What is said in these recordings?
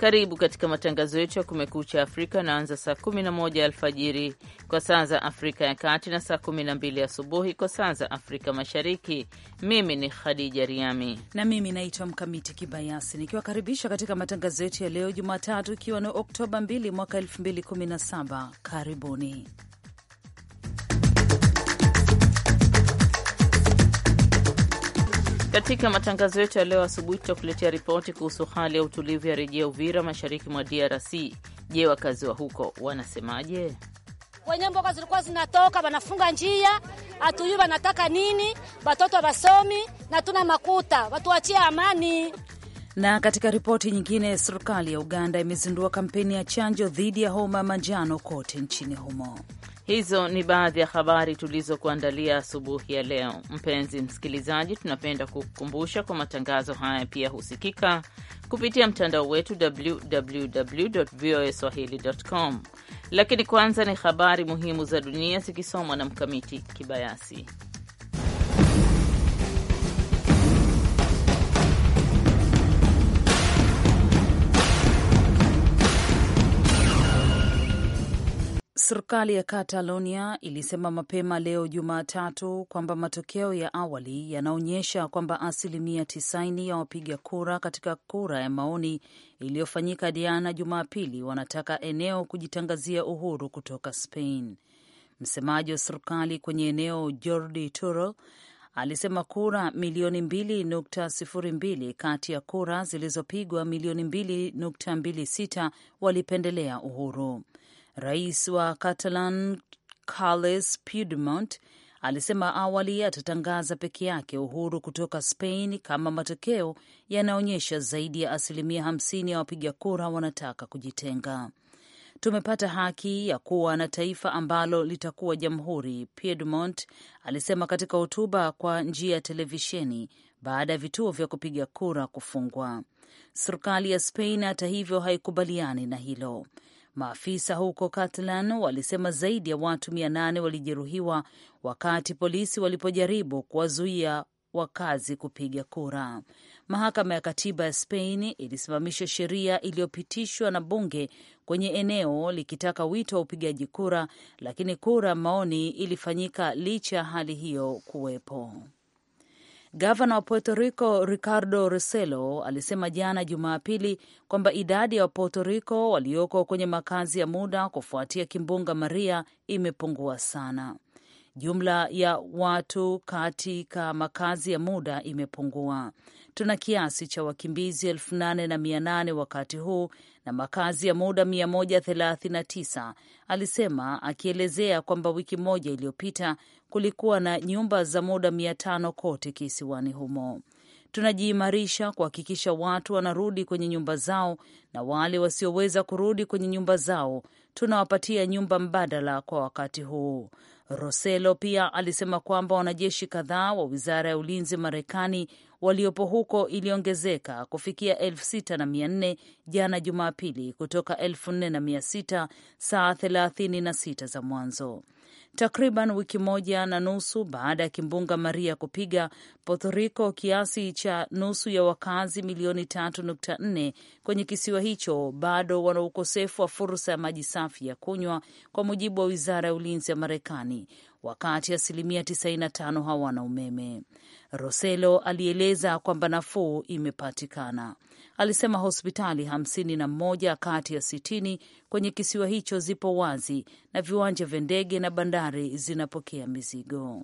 Karibu katika matangazo yetu ya Kumekucha Afrika naanza saa 11 alfajiri kwa saa za Afrika ya Kati na saa 12 asubuhi kwa saa za Afrika Mashariki. Mimi ni Khadija Riami na mimi naitwa Mkamiti Kibayasi nikiwakaribisha katika matangazo yetu ya leo Jumatatu, ikiwa ni Oktoba 2 mwaka 2017. Karibuni Katika matangazo yetu ya leo asubuhi, tutakuletea ripoti kuhusu hali ya utulivu ya rejea Uvira, mashariki mwa DRC. Je, wakazi wa huko wanasemaje? wenye mboga zilikuwa zinatoka, wanafunga njia, hatujui wanataka nini, watoto wasomi na tuna makuta, watuachie amani. Na katika ripoti nyingine, serikali ya Uganda imezindua kampeni ya chanjo dhidi ya homa ya manjano kote nchini humo. Hizo ni baadhi ya habari tulizokuandalia asubuhi ya leo. Mpenzi msikilizaji, tunapenda kukukumbusha kwa matangazo haya pia husikika kupitia mtandao wetu www voa swahili.com. Lakini kwanza ni habari muhimu za dunia zikisomwa na Mkamiti Kibayasi. Serikali ya Catalonia ilisema mapema leo Jumatatu kwamba matokeo ya awali yanaonyesha kwamba asilimia 90 ya wapiga kura katika kura ya maoni iliyofanyika Diana Jumapili wanataka eneo kujitangazia uhuru kutoka Spain. Msemaji wa serikali kwenye eneo Jordi Turell alisema kura milioni 2.02 kati ya kura zilizopigwa milioni 2.26 walipendelea uhuru. Rais wa Catalan Carles Puigdemont alisema awali atatangaza peke yake uhuru kutoka Spain kama matokeo yanaonyesha zaidi ya asilimia hamsini ya wapiga kura wanataka kujitenga. Tumepata haki ya kuwa na taifa ambalo litakuwa jamhuri, Piedmont alisema katika hotuba kwa njia ya televisheni baada ya vituo vya kupiga kura kufungwa. Serikali ya Spain hata hivyo haikubaliani na hilo. Maafisa huko Catalan walisema zaidi ya watu mia nane walijeruhiwa wakati polisi walipojaribu kuwazuia wakazi kupiga kura. Mahakama ya katiba ya Spain ilisimamisha sheria iliyopitishwa na bunge kwenye eneo likitaka wito wa upigaji kura, lakini kura maoni ilifanyika licha ya hali hiyo kuwepo. Gavana wa Puerto Rico Ricardo Rossello alisema jana Jumapili kwamba idadi ya Puerto Rico walioko kwenye makazi ya muda kufuatia kimbunga Maria imepungua sana. Jumla ya watu katika makazi ya muda imepungua. Tuna kiasi cha wakimbizi elfu nane na mia nane wakati huu na makazi ya muda 139, alisema akielezea kwamba wiki moja iliyopita kulikuwa na nyumba za muda 500 kote kisiwani humo. Tunajiimarisha kuhakikisha watu wanarudi kwenye nyumba zao, na wale wasioweza kurudi kwenye nyumba zao tunawapatia nyumba mbadala kwa wakati huu. Roselo pia alisema kwamba wanajeshi kadhaa wa wizara ya ulinzi Marekani waliopo huko iliongezeka kufikia elfu sita na mia nne jana Jumapili kutoka elfu nne na mia sita saa thelathini na sita za mwanzo takriban wiki moja na nusu baada ya kimbunga Maria kupiga Puerto Rico, kiasi cha nusu ya wakazi milioni 3.4 kwenye kisiwa hicho bado wana ukosefu wa fursa ya maji safi ya kunywa, kwa mujibu wa wizara ya ulinzi ya Marekani, wakati asilimia 95 hawana umeme. Roselo alieleza kwamba nafuu imepatikana alisema hospitali hamsini na moja kati ya sitini kwenye kisiwa hicho zipo wazi na viwanja vya ndege na bandari zinapokea mizigo.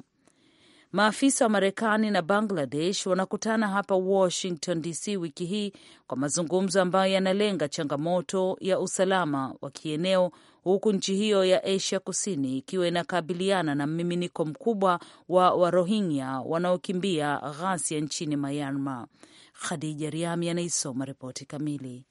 Maafisa wa Marekani na Bangladesh wanakutana hapa Washington DC wiki hii kwa mazungumzo ambayo yanalenga changamoto ya usalama wa kieneo huku nchi hiyo ya Asia Kusini ikiwa inakabiliana na mmiminiko mkubwa wa Warohingya wanaokimbia ghasia nchini Myanmar. Khadija Riami anaisoma ripoti kamili.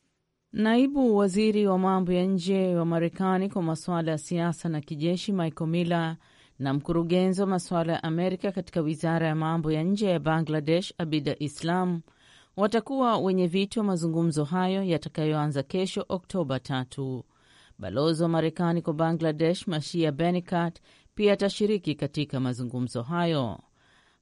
Naibu waziri wa mambo ya nje wa Marekani kwa masuala ya siasa na kijeshi Michael Miller na mkurugenzi wa masuala ya Amerika katika wizara ya mambo ya nje ya Bangladesh Abida Islam watakuwa wenye viti wa mazungumzo hayo yatakayoanza kesho Oktoba tatu. Balozi wa Marekani kwa Bangladesh Mashia Benikat pia atashiriki katika mazungumzo hayo.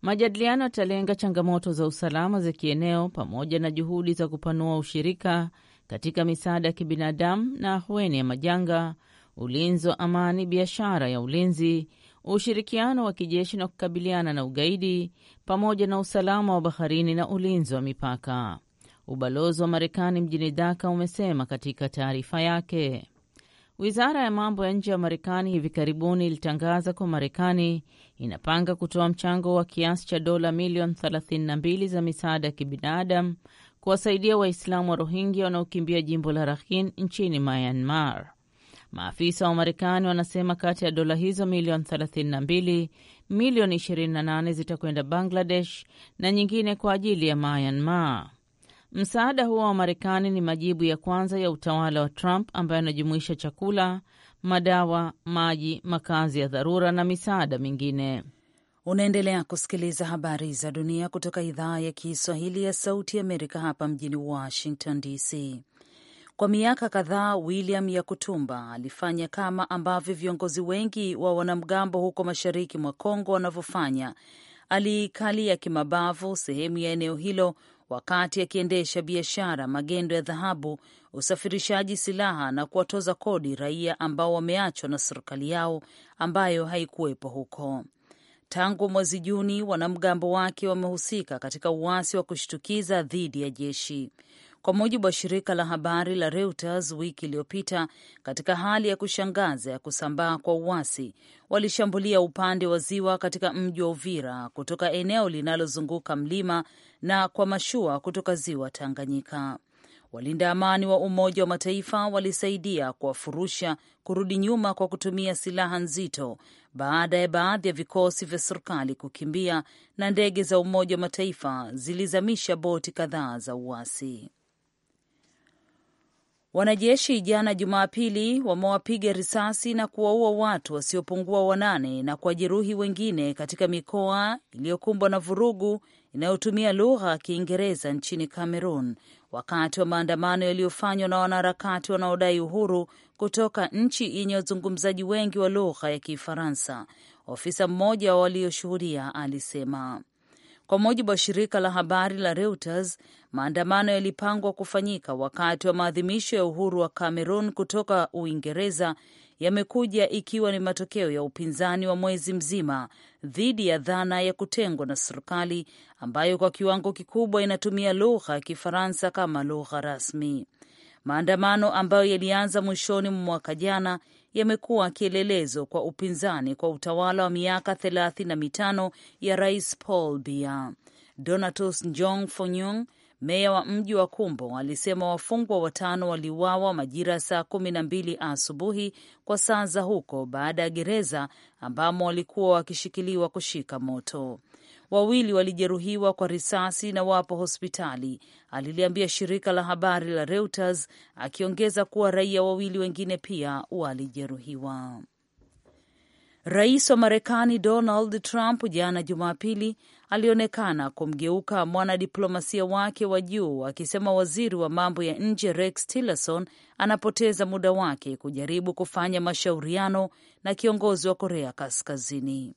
Majadiliano yatalenga changamoto za usalama za kieneo pamoja na juhudi za kupanua ushirika katika misaada ya kibinadamu na ahueni ya majanga, ulinzi wa amani, biashara ya ulinzi, ushirikiano wa kijeshi na kukabiliana na ugaidi, pamoja na usalama wa baharini na ulinzi wa mipaka. Ubalozi wa Marekani mjini Dhaka umesema katika taarifa yake. Wizara ya mambo ya nje ya Marekani hivi karibuni ilitangaza kuwa Marekani inapanga kutoa mchango wa kiasi cha dola milioni 32 za misaada ya kibinadamu kuwasaidia Waislamu wa Rohingya wanaokimbia jimbo la Rakhine nchini Myanmar. Maafisa wa Marekani wanasema kati ya dola hizo milioni 32, milioni 28 zitakwenda Bangladesh na nyingine kwa ajili ya Myanmar. Msaada huo wa Marekani ni majibu ya kwanza ya utawala wa Trump ambayo anajumuisha chakula, madawa, maji, makazi ya dharura na misaada mingine. Unaendelea kusikiliza habari za dunia kutoka idhaa ya Kiswahili ya Sauti ya Amerika hapa mjini Washington DC. Kwa miaka kadhaa William Yakutumba alifanya kama ambavyo viongozi wengi wa wanamgambo huko mashariki mwa Kongo wanavyofanya. Aliikalia kimabavu sehemu ya eneo hilo wakati akiendesha biashara, magendo ya dhahabu, usafirishaji silaha na kuwatoza kodi raia ambao wameachwa na serikali yao ambayo haikuwepo huko. Tangu mwezi Juni, wanamgambo wake wamehusika katika uasi wa kushtukiza dhidi ya jeshi, kwa mujibu wa shirika la habari la Reuters. Wiki iliyopita, katika hali ya kushangaza ya kusambaa kwa uasi, walishambulia upande wa ziwa katika mji wa Uvira kutoka eneo linalozunguka mlima na kwa mashua kutoka ziwa Tanganyika. Walinda amani wa Umoja wa Mataifa walisaidia kuwafurusha kurudi nyuma kwa kutumia silaha nzito baada ya baadhi ya vikosi vya serikali kukimbia, na ndege za Umoja wa Mataifa zilizamisha boti kadhaa za uasi. Wanajeshi jana Jumapili wamewapiga risasi na kuwaua watu wasiopungua wanane na kuwajeruhi wengine katika mikoa iliyokumbwa na vurugu inayotumia lugha ya Kiingereza nchini Cameroon wakati wa maandamano yaliyofanywa na wanaharakati wanaodai uhuru kutoka nchi yenye wazungumzaji wengi wa lugha ya Kifaransa. Ofisa mmoja walioshuhudia alisema. Kwa mujibu wa shirika la habari la Reuters, maandamano yalipangwa kufanyika wakati wa maadhimisho ya uhuru wa Cameroon kutoka Uingereza yamekuja ikiwa ni matokeo ya upinzani wa mwezi mzima dhidi ya dhana ya kutengwa na serikali ambayo kwa kiwango kikubwa inatumia lugha ya Kifaransa kama lugha rasmi. Maandamano ambayo yalianza mwishoni mwa mwaka jana yamekuwa kielelezo kwa upinzani kwa utawala wa miaka thelathini na mitano ya Rais Paul Biya. Donatus Njong Fonyung Meya wa mji wa Kumbo alisema wafungwa watano waliuawa majira saa kumi na mbili asubuhi kwa saa za huko baada ya gereza ambamo walikuwa wakishikiliwa kushika moto. Wawili walijeruhiwa kwa risasi na wapo hospitali, aliliambia shirika la habari la Reuters, akiongeza kuwa raia wawili wengine pia walijeruhiwa. Rais wa Marekani Donald Trump jana Jumapili alionekana kumgeuka mwanadiplomasia wake wa juu akisema waziri wa mambo ya nje Rex Tillerson anapoteza muda wake kujaribu kufanya mashauriano na kiongozi wa Korea Kaskazini.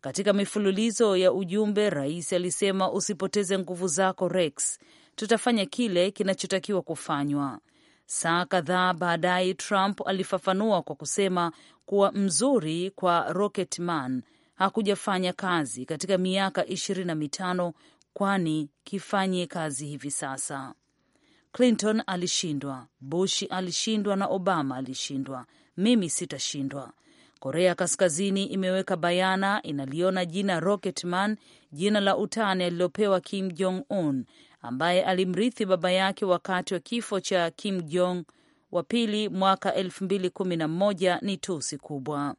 Katika mifululizo ya ujumbe, rais alisema, usipoteze nguvu zako Rex, tutafanya kile kinachotakiwa kufanywa. Saa kadhaa baadaye Trump alifafanua kwa kusema kuwa mzuri kwa Rocketman hakujafanya kazi katika miaka ishirini na mitano kwani kifanye kazi hivi sasa. Clinton alishindwa, Bush alishindwa na Obama alishindwa. Mimi sitashindwa. Korea Kaskazini imeweka bayana inaliona jina Rocketman, jina la utani alilopewa Kim Jong Un ambaye alimrithi baba yake wakati wa kifo cha Kim Jong wa pili mwaka 2011 ni tusi kubwa.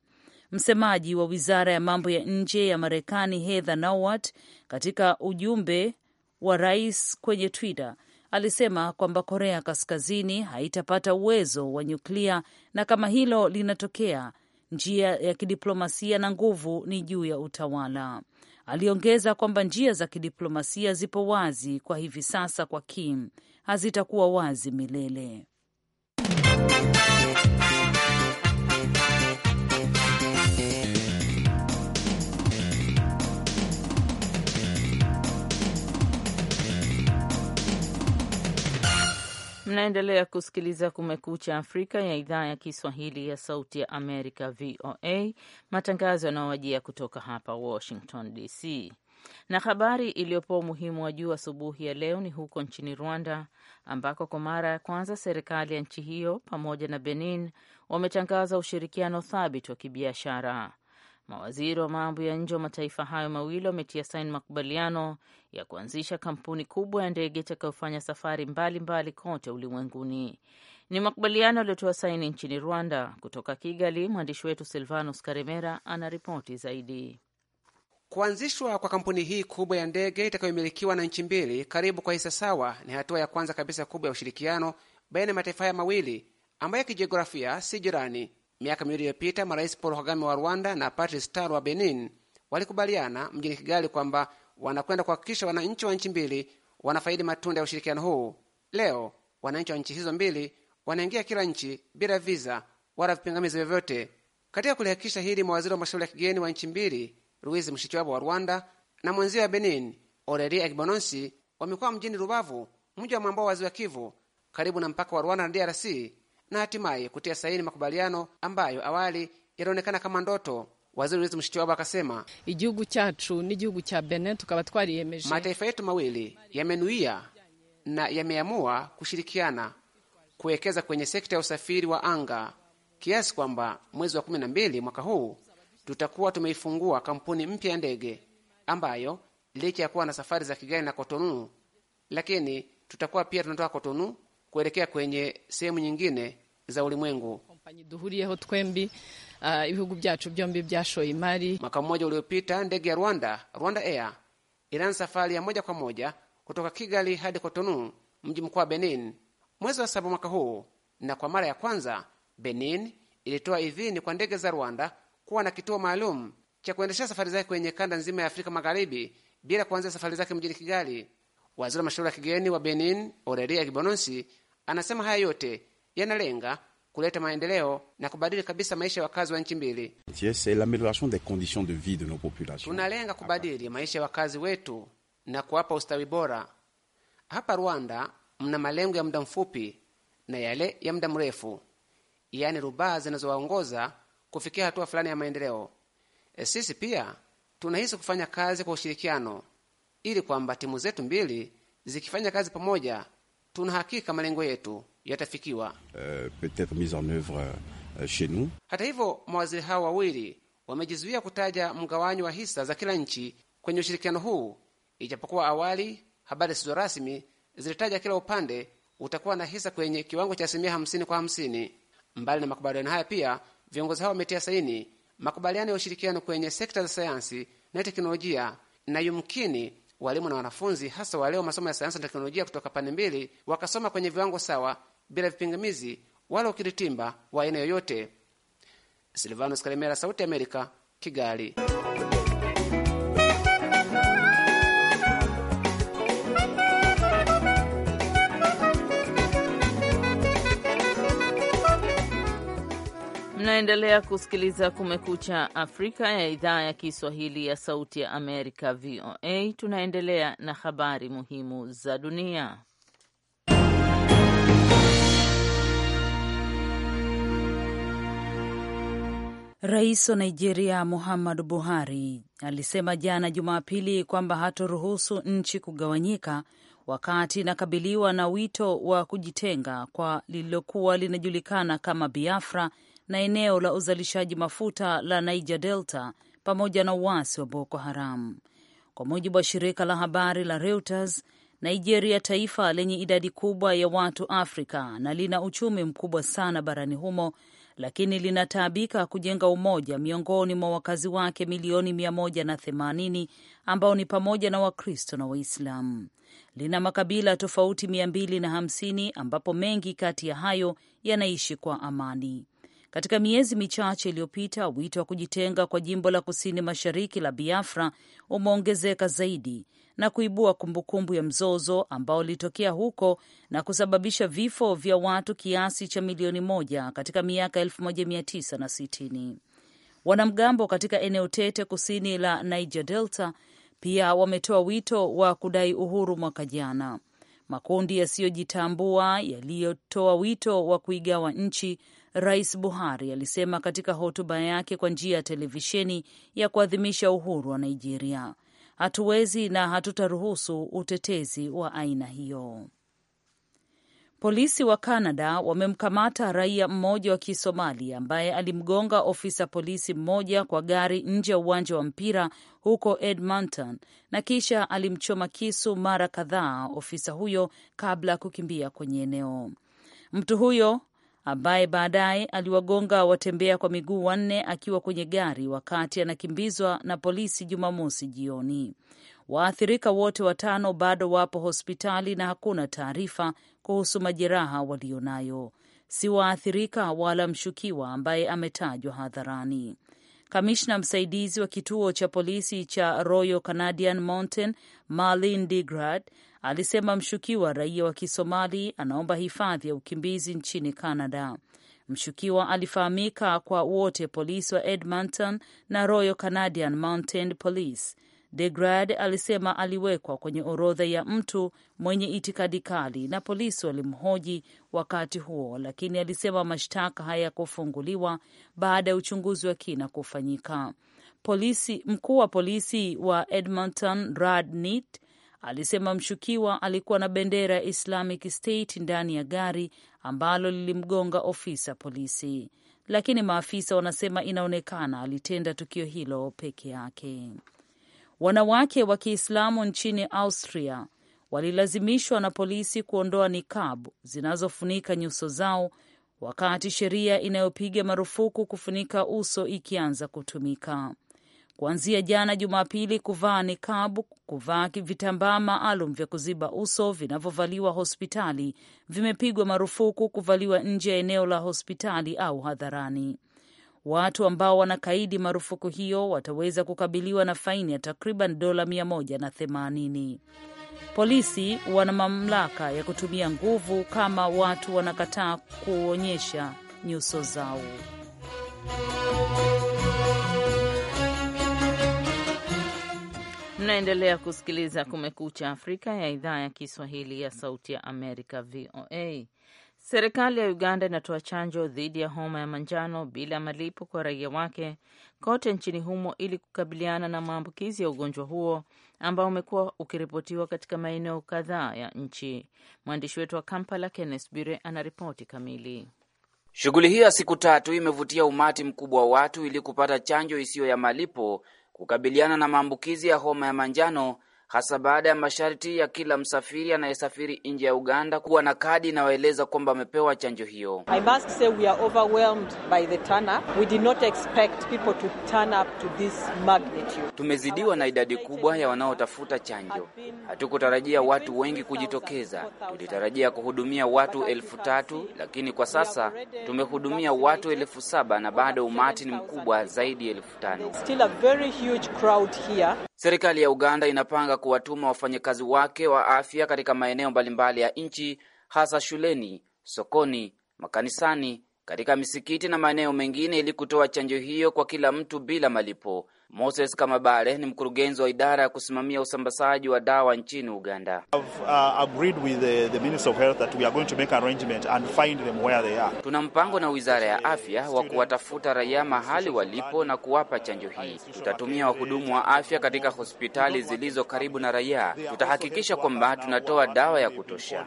Msemaji wa wizara ya mambo ya nje ya Marekani Heather Nauert katika ujumbe wa rais kwenye Twitter alisema kwamba Korea Kaskazini haitapata uwezo wa nyuklia na kama hilo linatokea, njia ya kidiplomasia na nguvu ni juu ya utawala. Aliongeza kwamba njia za kidiplomasia zipo wazi kwa hivi sasa kwa Kim, hazitakuwa wazi milele. Mnaendelea kusikiliza Kumekucha Afrika ya idhaa ya Kiswahili ya Sauti ya Amerika, VOA, matangazo yanayowajia kutoka hapa Washington DC. Na habari iliyopewa umuhimu wa juu asubuhi ya leo ni huko nchini Rwanda ambako kwa mara ya kwanza serikali ya nchi hiyo pamoja na Benin wametangaza ushirikiano thabiti wa kibiashara. Mawaziri wa mambo ya nje wa mataifa hayo mawili wametia saini makubaliano ya kuanzisha kampuni kubwa ya ndege itakayofanya safari mbalimbali mbali kote ulimwenguni. Ni makubaliano yaliyotoa saini nchini Rwanda. Kutoka Kigali, mwandishi wetu Silvanus Karemera ana ripoti zaidi. Kuanzishwa kwa kampuni hii kubwa ya ndege itakayomilikiwa na nchi mbili karibu kwa hisa sawa ni hatua ya kwanza kabisa kubwa ya ushirikiano baina ya mataifa haya mawili ambayo kijiografia si jirani. Miaka miwili iliyopita, marais Paul Kagame wa Rwanda na Patrice Talon wa Benin walikubaliana mjini Kigali kwamba wanakwenda kuhakikisha wananchi wa nchi mbili wanafaidi matunda ya ushirikiano huu. Leo wananchi wa nchi hizo mbili wanaingia kila nchi bila viza wala vipingamizi vyovyote. Katika kulihakikisha hili, mawaziri wa mashauri ya kigeni wa nchi mbili Louise Mushikiwabo wa Rwanda na mwenzio wa Benin Oreli Agibononsi wamekuwa mjini Rubavu, mji wa mwambao wa ziwa Kivu, karibu na mpaka wa Rwanda na DRC na hatimaye kutia saini makubaliano ambayo awali yalionekana kama ndoto. Waziri Louise Mushikiwabo akasema igihugu chacu igihugu cha Benin tukaba twariyemeje, mataifa yetu mawili yamenuia na yameamua kushirikiana kuwekeza kwenye sekta ya usafiri wa anga kiasi kwamba mwezi wa 12 mwaka huu tutakuwa tumeifungua kampuni mpya ya ndege ambayo licha ya kuwa na safari za Kigali na Kotonu, lakini tutakuwa pia tunatoka Kotonu kuelekea kwenye sehemu nyingine za ulimwengu. Uh, mwaka mmoja uliopita, ndege ya Rwanda Rwanda Air ilianza safari ya moja kwa moja kutoka Kigali hadi Kotonu, mji mkuu wa Benin, mwezi wa saba mwaka huu, na kwa mara ya kwanza Benin ilitoa idhini kwa ndege za Rwanda kuwa na kituo maalum cha kuendeshea safari zake kwenye kanda nzima ya Afrika Magharibi bila kuanzia safari zake mjini Kigali. Waziri wa mashauri ya kigeni wa Benin, Orelia Gibonosi, anasema haya yote yanalenga kuleta maendeleo na kubadili kabisa maisha ya wakazi wa nchi mbili. Tunalenga kubadili maisha ya wakazi wetu na kuwapa ustawi bora. Hapa Rwanda mna malengo ya muda mfupi na yale ya muda mrefu, yaani rubaa zinazowaongoza kufikia hatua fulani ya maendeleo. E, sisi pia tunahisi kufanya kazi kwa ushirikiano, ili kwamba timu zetu mbili zikifanya kazi pamoja, tuna hakika malengo yetu yatafikiwa. Uh, hata hivyo mawaziri hao wawili wamejizuia kutaja mgawanyo wa hisa za kila nchi kwenye ushirikiano huu, ijapokuwa awali habari zisizo rasmi zilitaja kila upande utakuwa na hisa kwenye kiwango cha asilimia hamsini kwa hamsini. Mbali na makubaliano haya pia Viongozi hao wametia saini makubaliano ya ushirikiano kwenye sekta za sayansi na teknolojia, na yumkini walimu na wanafunzi, hasa wale wa masomo ya sayansi na teknolojia kutoka pande mbili, wakasoma kwenye viwango sawa bila vipingamizi wala ukiritimba wa aina yoyote. Silvanus Kalemera, Sauti ya Amerika, Kigali. Mnaendelea kusikiliza Kumekucha Afrika ya idhaa ya Kiswahili ya Sauti ya Amerika, VOA. Tunaendelea na habari muhimu za dunia. Rais wa Nigeria Muhammadu Buhari alisema jana Jumapili kwamba hatoruhusu nchi kugawanyika wakati inakabiliwa na wito wa kujitenga kwa lililokuwa linajulikana kama Biafra na eneo la uzalishaji mafuta la Niger Delta pamoja na uasi wa Boko Haram. Kwa mujibu wa shirika la habari la Reuters, Nigeria, taifa lenye idadi kubwa ya watu Afrika na lina uchumi mkubwa sana barani humo, lakini linataabika kujenga umoja miongoni mwa wakazi wake milioni 180 ambao ni pamoja na Wakristo na Waislamu. Lina makabila tofauti 250 ambapo mengi kati ya hayo yanaishi kwa amani. Katika miezi michache iliyopita, wito wa kujitenga kwa jimbo la kusini mashariki la Biafra umeongezeka zaidi na kuibua kumbukumbu ya mzozo ambao ulitokea huko na kusababisha vifo vya watu kiasi cha milioni moja katika miaka 1960. Wanamgambo katika eneo tete kusini la Niger Delta pia wametoa wito wa kudai uhuru mwaka jana. Makundi yasiyojitambua yaliyotoa wito wa kuigawa nchi Rais Buhari alisema katika hotuba yake kwa njia ya televisheni ya kuadhimisha uhuru wa Nigeria. Hatuwezi na hatutaruhusu utetezi wa aina hiyo. Polisi wa Kanada wamemkamata raia mmoja wa Kisomali ambaye alimgonga ofisa polisi mmoja kwa gari nje ya uwanja wa mpira huko Edmonton na kisha alimchoma kisu mara kadhaa ofisa huyo kabla ya kukimbia kwenye eneo. Mtu huyo ambaye baadaye aliwagonga watembea kwa miguu wanne akiwa kwenye gari wakati anakimbizwa na polisi Jumamosi jioni. Waathirika wote watano bado wapo hospitali na hakuna taarifa kuhusu majeraha walionayo. Si waathirika wala mshukiwa ambaye ametajwa hadharani. Kamishna msaidizi wa kituo cha polisi cha Royal Canadian Mounted Marlin Digrad alisema mshukiwa raia wa Kisomali anaomba hifadhi ya ukimbizi nchini Canada. Mshukiwa alifahamika kwa wote polisi wa Edmonton na Royal Canadian Mounted Police. Degrad alisema aliwekwa kwenye orodha ya mtu mwenye itikadi kali na polisi walimhoji wakati huo, lakini alisema mashtaka hayakufunguliwa baada ya uchunguzi wa kina kufanyika. Polisi mkuu wa polisi wa Edmonton Rad Nit alisema mshukiwa alikuwa na bendera ya Islamic State ndani ya gari ambalo lilimgonga ofisa polisi, lakini maafisa wanasema inaonekana alitenda tukio hilo peke yake. Wanawake wa Kiislamu nchini Austria walilazimishwa na polisi kuondoa nikabu zinazofunika nyuso zao wakati sheria inayopiga marufuku kufunika uso ikianza kutumika kuanzia jana Jumapili kuvaa nikabu, kuvaa vitambaa maalum vya kuziba uso vinavyovaliwa hospitali vimepigwa marufuku kuvaliwa nje ya eneo la hospitali au hadharani. Watu ambao wanakaidi marufuku hiyo wataweza kukabiliwa na faini ya takriban dola mia moja na themanini. Polisi wana mamlaka ya kutumia nguvu kama watu wanakataa kuonyesha nyuso zao. Mnaendelea kusikiliza Kumekucha Afrika ya idhaa ya Kiswahili ya Sauti ya Amerika, VOA. Serikali ya Uganda inatoa chanjo dhidi ya homa ya manjano bila malipo kwa raia wake kote nchini humo ili kukabiliana na maambukizi ya ugonjwa huo ambao umekuwa ukiripotiwa katika maeneo kadhaa ya nchi. Mwandishi wetu wa Kampala, Kenneth ana anaripoti kamili. Shughuli hii ya siku tatu imevutia umati mkubwa wa watu ili kupata chanjo isiyo ya malipo kukabiliana na maambukizi ya homa ya manjano hasa baada ya masharti ya kila msafiri anayesafiri nje ya Uganda kuwa na kadi inayoeleza kwamba amepewa chanjo hiyo. Tumezidiwa na idadi kubwa ya wanaotafuta chanjo. Hatukutarajia watu wengi kujitokeza. Tulitarajia kuhudumia watu elfu tatu, lakini kwa sasa tumehudumia watu elfu saba na bado umati ni mkubwa zaidi ya elfu tano. Serikali ya Uganda inapanga kuwatuma wafanyakazi wake wa afya katika maeneo mbalimbali ya nchi, hasa shuleni, sokoni, makanisani, katika misikiti na maeneo mengine, ili kutoa chanjo hiyo kwa kila mtu bila malipo. Moses Kamabale ni mkurugenzi wa idara ya kusimamia usambazaji wa dawa nchini Uganda. Uh, Tuna mpango na wizara ya afya wa kuwatafuta raia mahali walipo na kuwapa chanjo hii. Tutatumia wahudumu wa afya katika hospitali zilizo karibu na raia. Tutahakikisha kwamba tunatoa dawa ya kutosha.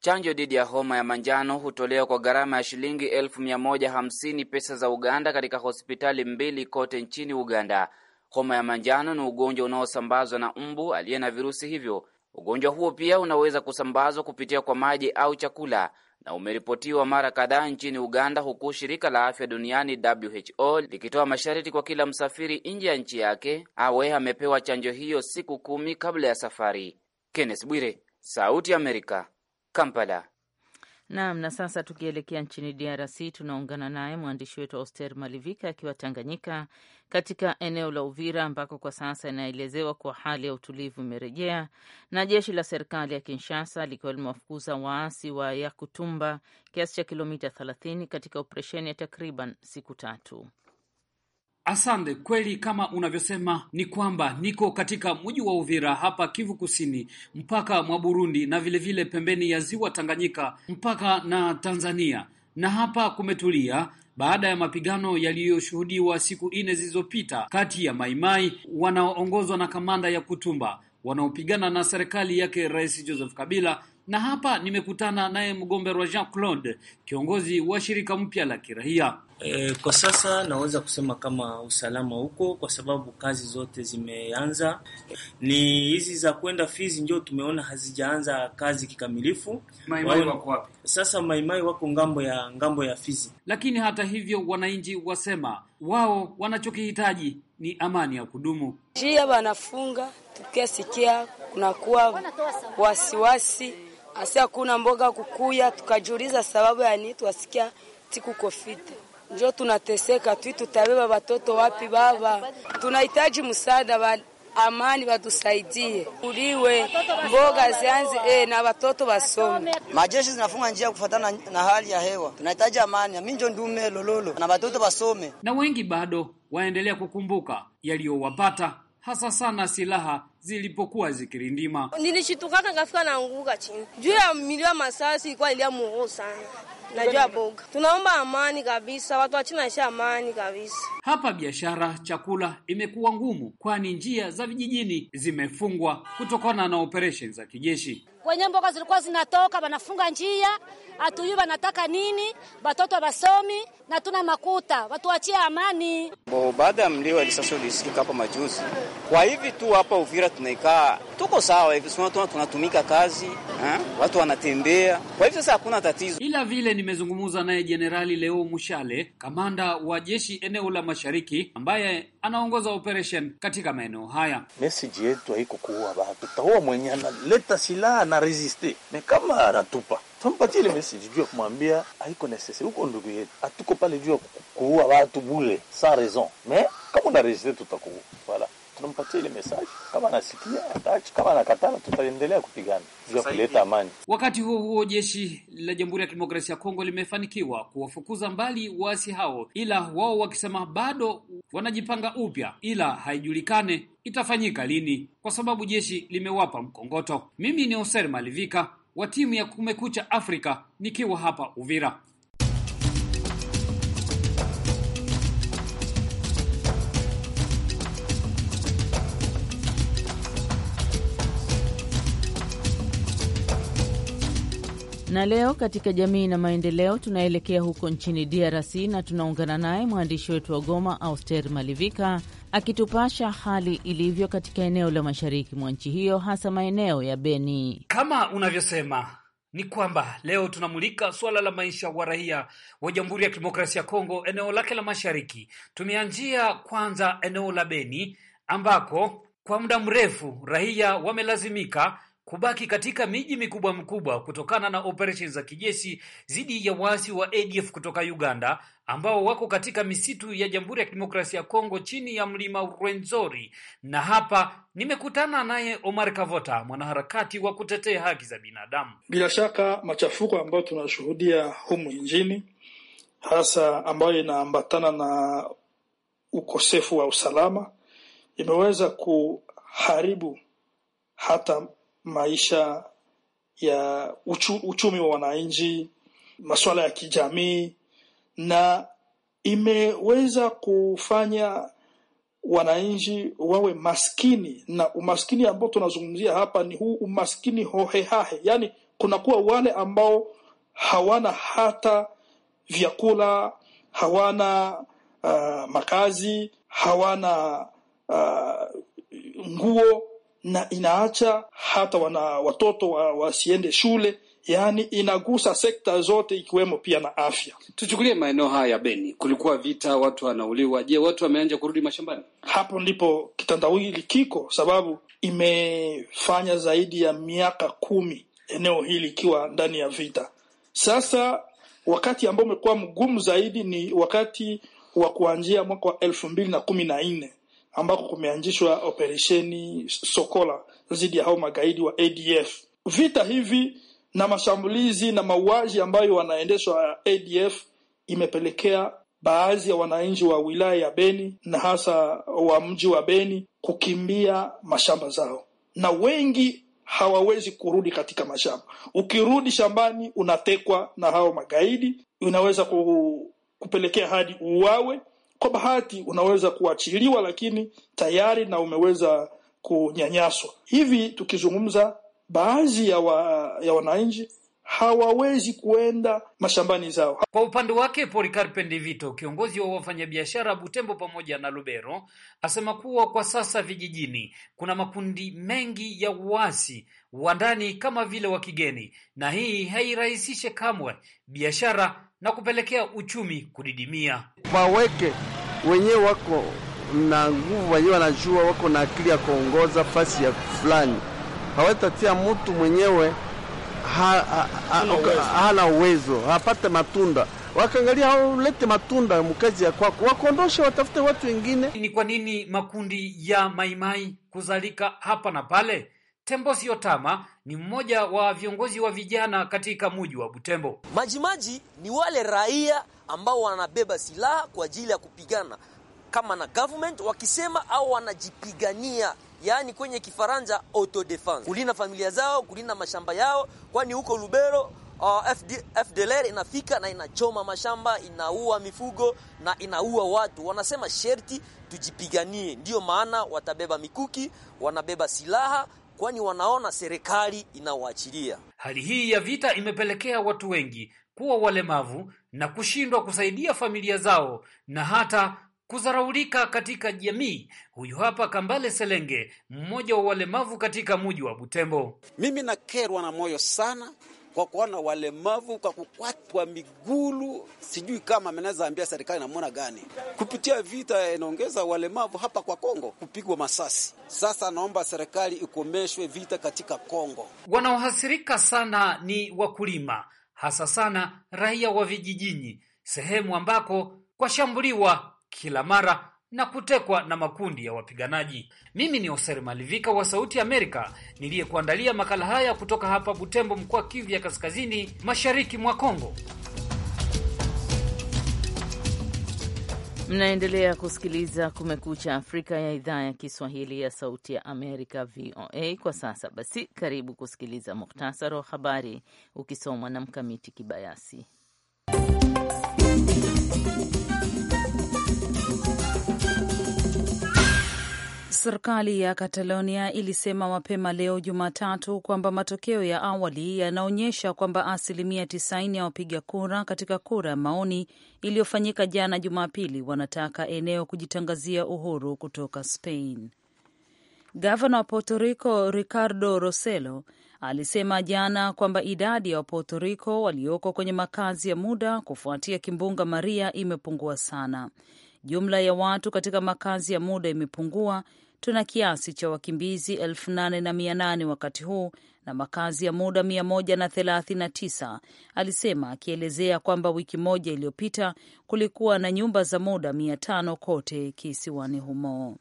Chanjo dhidi ya homa ya manjano hutolewa kwa gharama ya shilingi elfu mia moja hamsini pesa za Uganda katika katika hospitali mbili kote nchini Uganda. Homa ya manjano ni ugonjwa unaosambazwa na mbu aliye na virusi hivyo. Ugonjwa huo pia unaweza kusambazwa kupitia kwa maji au chakula na umeripotiwa mara kadhaa nchini Uganda, huku shirika la afya duniani WHO likitoa masharti kwa kila msafiri nje ya nchi yake awe amepewa chanjo hiyo siku kumi kabla ya safari. Kenneth Bwire, Sauti ya Amerika, Kampala. Naam, na sasa tukielekea nchini DRC tunaungana naye mwandishi wetu Oster Malivika akiwa Tanganyika, katika eneo la Uvira ambako kwa sasa inaelezewa kuwa hali ya utulivu imerejea na jeshi la serikali ya Kinshasa likiwa limewafukuza waasi wa Yakutumba kiasi cha kilomita 30 katika operesheni ya takriban siku tatu. Asante kweli, kama unavyosema ni kwamba niko katika mji wa Uvira hapa Kivu Kusini, mpaka mwa Burundi na vilevile vile pembeni ya ziwa Tanganyika, mpaka na Tanzania, na hapa kumetulia baada ya mapigano yaliyoshuhudiwa siku nne zilizopita kati ya Maimai wanaoongozwa na kamanda ya Kutumba wanaopigana na serikali yake Rais Joseph Kabila na hapa nimekutana naye mgombea Jean Claude, kiongozi wa shirika mpya la kiraia. E, kwa sasa naweza kusema kama usalama huko, kwa sababu kazi zote zimeanza. Ni hizi za kwenda Fizi ndio tumeona hazijaanza kazi kikamilifu. Maimai wako wapi sasa? Maimai wako ngambo ya ngambo ya Fizi, lakini hata hivyo wananchi wasema wao wanachokihitaji ni amani ya kudumu. Jia wanafunga tukiasikia kunakuwa wasiwasi asi hakuna mboga kukuya, tukajiuliza sababu ya nini, twasikia tiku kofite njo tunateseka twi, tutabeba watoto wapi? Baba, tunahitaji msaada wa amani, watusaidie uliwe mboga zianze eh, na watoto wasome. Majeshi zinafunga njia kufuatana na hali ya hewa. Tunahitaji amani, aminjo ndume lololo na watoto wasome, na wengi bado waendelea kukumbuka yaliyowapata hasa sana silaha zilipokuwa zikirindima. Nilishitukaka ngafika na nguka chini juu ya milio masasi, ilikuwa ilia muho sana najua boga. Tunaomba amani kabisa, watu wachina China amani kabisa. Hapa biashara chakula imekuwa ngumu, kwani njia za vijijini zimefungwa kutokana na operesheni za kijeshi wenye mboga zilikuwa zinatoka, wanafunga njia, hatujui wanataka nini, watoto wasomi na tuna makuta, watuachie amani. Baada ya mlio ile ulisikika hapa majuzi, kwa hivi tu hapa Uvira tunaikaa tuko sawa hivi, tunatumika kazi ha? watu wanatembea, kwa hivi sasa hakuna tatizo. Ila vile nimezungumza naye Jenerali Leo Mushale, kamanda wa jeshi eneo la Mashariki, ambaye anaongoza operation katika maeneo haya. Meseji yetu haiko kuua watu, taua mwenye analeta silaha na resiste, na kama anatupa tumpatie ile message juu ya kumwambia haiko necessary, huko ndugu yetu, hatuko pale juu ya kuua watu bule sans raison, me kama unaresiste tutakuua. Voilà tunampatia ile message, kama anasikia atachi kama anakatana, tutaendelea kupigana juu ya kuleta amani. Wakati huo huo, jeshi la Jamhuri ya Kidemokrasia ya Kongo limefanikiwa kuwafukuza mbali waasi hao, ila wao wakisema bado wanajipanga upya, ila haijulikane itafanyika lini, kwa sababu jeshi limewapa mkongoto. Mimi ni Oser Malivika wa timu ya Kumekucha Afrika nikiwa hapa Uvira. Na leo katika jamii na maendeleo, tunaelekea huko nchini DRC na tunaungana naye mwandishi wetu wa Goma, Auster Malivika, akitupasha hali ilivyo katika eneo la mashariki mwa nchi hiyo, hasa maeneo ya Beni. Kama unavyosema ni kwamba leo tunamulika suala la maisha wa raia wa Jamhuri ya Kidemokrasia ya Kongo, eneo lake la mashariki. Tumeanjia kwanza eneo la Beni ambako kwa muda mrefu raia wamelazimika kubaki katika miji mikubwa mikubwa kutokana na operesheni za kijeshi dhidi ya waasi wa ADF kutoka Uganda ambao wako katika misitu ya Jamhuri ya Kidemokrasia ya Kongo chini ya mlima Rwenzori. Na hapa nimekutana naye Omar Kavota, mwanaharakati wa kutetea haki za binadamu. Bila shaka machafuko ambayo tunashuhudia humu nchini, hasa ambayo inaambatana na ukosefu wa usalama, imeweza kuharibu hata maisha ya uchu, uchumi wa wananchi, masuala ya kijamii, na imeweza kufanya wananchi wawe maskini, na umaskini ambao tunazungumzia hapa ni huu umaskini hohehahe, yaani kunakuwa wale ambao hawana hata vyakula, hawana uh, makazi, hawana uh, nguo na inaacha hata wana watoto wa, wasiende shule. Yani inagusa sekta zote ikiwemo pia na afya. Tuchukulie maeneo haya ya Beni, kulikuwa vita, watu wanauliwa. Je, watu wameanza kurudi mashambani? Hapo ndipo kitandawili kiko, sababu imefanya zaidi ya miaka kumi eneo hili ikiwa ndani ya vita. Sasa wakati ambao umekuwa mgumu zaidi ni wakati wa kuanzia mwaka wa elfu mbili na kumi na nne ambako kumeanzishwa operesheni Sokola dhidi ya hao magaidi wa ADF. Vita hivi na mashambulizi na mauaji ambayo wanaendeshwa ADF imepelekea baadhi ya wananchi wa wilaya ya Beni na hasa wa mji wa Beni kukimbia mashamba zao, na wengi hawawezi kurudi katika mashamba. Ukirudi shambani, unatekwa na hao magaidi, unaweza kupelekea hadi uwawe kwa bahati unaweza kuachiliwa, lakini tayari na umeweza kunyanyaswa. Hivi tukizungumza, baadhi ya, wa, ya wananchi hawawezi kuenda mashambani zao. Kwa upande wake, Polikarpe Ndivito, kiongozi wa wafanyabiashara Butembo pamoja na Lubero, asema kuwa kwa sasa vijijini kuna makundi mengi ya uasi wa ndani kama vile wa kigeni, na hii hairahisishe kamwe biashara na kupelekea uchumi kudidimia. Waweke wenyewe wako na nguvu, wenyewe wanajua, wako na akili ya kuongoza fasi ya fulani, hawatatia mtu mwenyewe ha, ha, hana uwezo, hapate matunda wakaangalia lete matunda mkazi ya kwako, wakondoshe, watafute watu wengine. Ni kwa nini makundi ya maimai kuzalika hapa na pale? Tembosi Otama ni mmoja wa viongozi wa vijana katika muji wa Butembo. Majimaji ni wale raia ambao wanabeba silaha kwa ajili ya kupigana kama na government, wakisema au wanajipigania yaani kwenye kifaranja auto defense, kulinda familia zao, kulinda mashamba yao, kwani huko Lubero Uh, FD, FDLR inafika na inachoma mashamba, inaua mifugo na inaua watu. Wanasema sherti tujipiganie, ndiyo maana watabeba mikuki, wanabeba silaha, kwani wanaona serikali inawaachilia. Hali hii ya vita imepelekea watu wengi kuwa walemavu na kushindwa kusaidia familia zao na hata kuzaraulika katika jamii. Huyu hapa Kambale Selenge, mmoja wa walemavu katika muji wa Butembo. Mimi nakerwa na moyo sana kwa kuona walemavu kwa kukwatwa migulu, sijui kama ameneza ambia serikali namona gani kupitia vita inaongeza walemavu hapa kwa Kongo kupigwa masasi. Sasa naomba serikali ikomeshwe vita katika Kongo. Wanaohasirika sana ni wakulima, hasa sana raia wa vijijini, sehemu ambako kwashambuliwa kila mara na kutekwa na makundi ya wapiganaji. Mimi ni Hoser Malivika wa Sauti Amerika niliyekuandalia makala haya kutoka hapa Butembo, mkoa Kivu ya kaskazini mashariki mwa Kongo. Mnaendelea kusikiliza Kumekucha Afrika ya idhaa ya Kiswahili ya Sauti ya Amerika, VOA. Kwa sasa basi, karibu kusikiliza muhtasari wa habari ukisomwa na Mkamiti Kibayasi. Serikali ya Catalonia ilisema mapema leo Jumatatu kwamba matokeo ya awali yanaonyesha kwamba asilimia 90 ya wapiga kura katika kura ya maoni iliyofanyika jana Jumapili wanataka eneo kujitangazia uhuru kutoka Spain. Gavana wa Puerto Rico Ricardo Rossello alisema jana kwamba idadi ya Wapuerto Rico walioko kwenye makazi ya muda kufuatia kimbunga Maria imepungua sana. Jumla ya watu katika makazi ya muda imepungua Tuna kiasi cha wakimbizi elfu nane na mia nane wakati huu na makazi ya muda 139, alisema akielezea kwamba wiki moja iliyopita kulikuwa na nyumba za muda 500 kote kisiwani humo.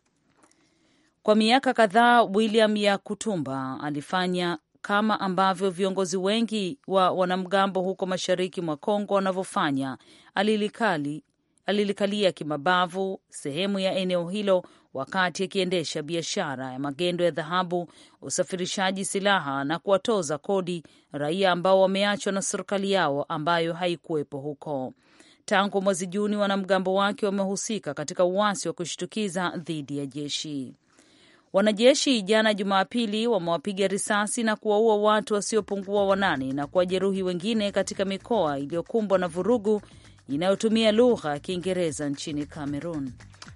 Kwa miaka kadhaa William Yakutumba alifanya kama ambavyo viongozi wengi wa wanamgambo huko mashariki mwa Kongo wanavyofanya, alilikali alilikalia kimabavu sehemu ya eneo hilo wakati akiendesha biashara ya magendo ya dhahabu, usafirishaji silaha na kuwatoza kodi raia ambao wameachwa na serikali yao ambayo haikuwepo huko. Tangu mwezi Juni, wanamgambo wake wamehusika katika uasi wa kushtukiza dhidi ya jeshi. Wanajeshi jana Jumapili wamewapiga risasi na kuwaua watu wasiopungua wanane na kuwajeruhi wengine katika mikoa iliyokumbwa na vurugu inayotumia lugha ya Kiingereza nchini cameron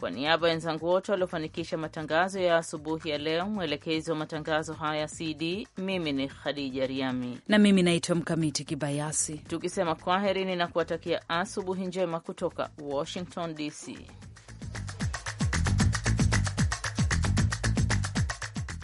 Kwa niaba ya wenzangu wote waliofanikisha matangazo ya asubuhi ya leo, mwelekezi wa matangazo haya CD, mimi ni Khadija Riami na mimi naitwa Mkamiti Kibayasi, tukisema kwaherini na kuwatakia asubuhi njema kutoka Washington DC.